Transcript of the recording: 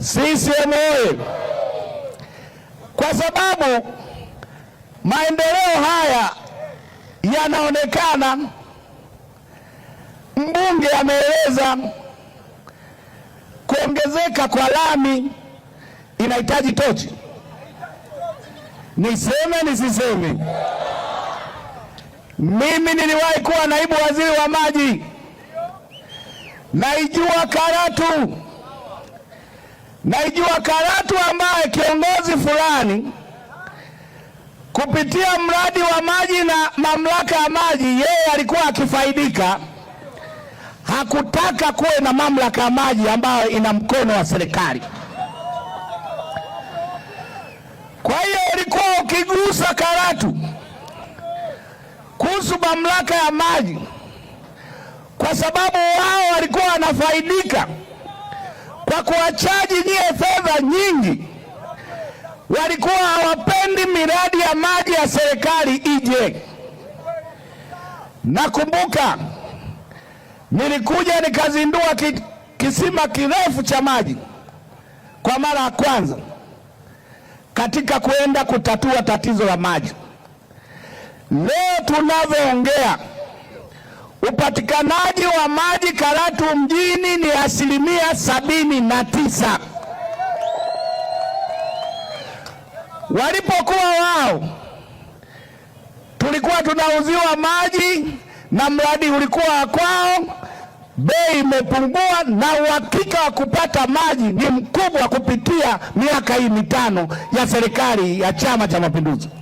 CCM oye! Kwa sababu maendeleo haya yanaonekana. Mbunge ameeleza kuongezeka kwa lami inahitaji tochi. Niseme nisiseme? Mimi niliwahi kuwa naibu waziri wa maji, naijua Karatu. Naijua Karatu ambaye kiongozi fulani kupitia mradi wa maji na mamlaka ya maji, yeye alikuwa akifaidika, hakutaka kuwe na mamlaka ya maji ambayo ina mkono wa serikali. Kwa hiyo ilikuwa ukigusa Karatu kuhusu mamlaka ya maji, kwa sababu wao walikuwa wanafaidika kwa kuwachaji nyie fedha nyingi. Walikuwa hawapendi miradi ya maji ya serikali ije. Nakumbuka nilikuja nikazindua kisima kirefu cha maji kwa mara ya kwanza katika kuenda kutatua tatizo la maji. Leo tunavyoongea Upatikanaji wa maji Karatu mjini ni asilimia sabini na tisa. Walipokuwa wao, tulikuwa tunauziwa maji na mradi ulikuwa kwao, bei imepungua na uhakika wa kupata maji ni mkubwa kupitia miaka hii mitano ya serikali ya Chama cha Mapinduzi.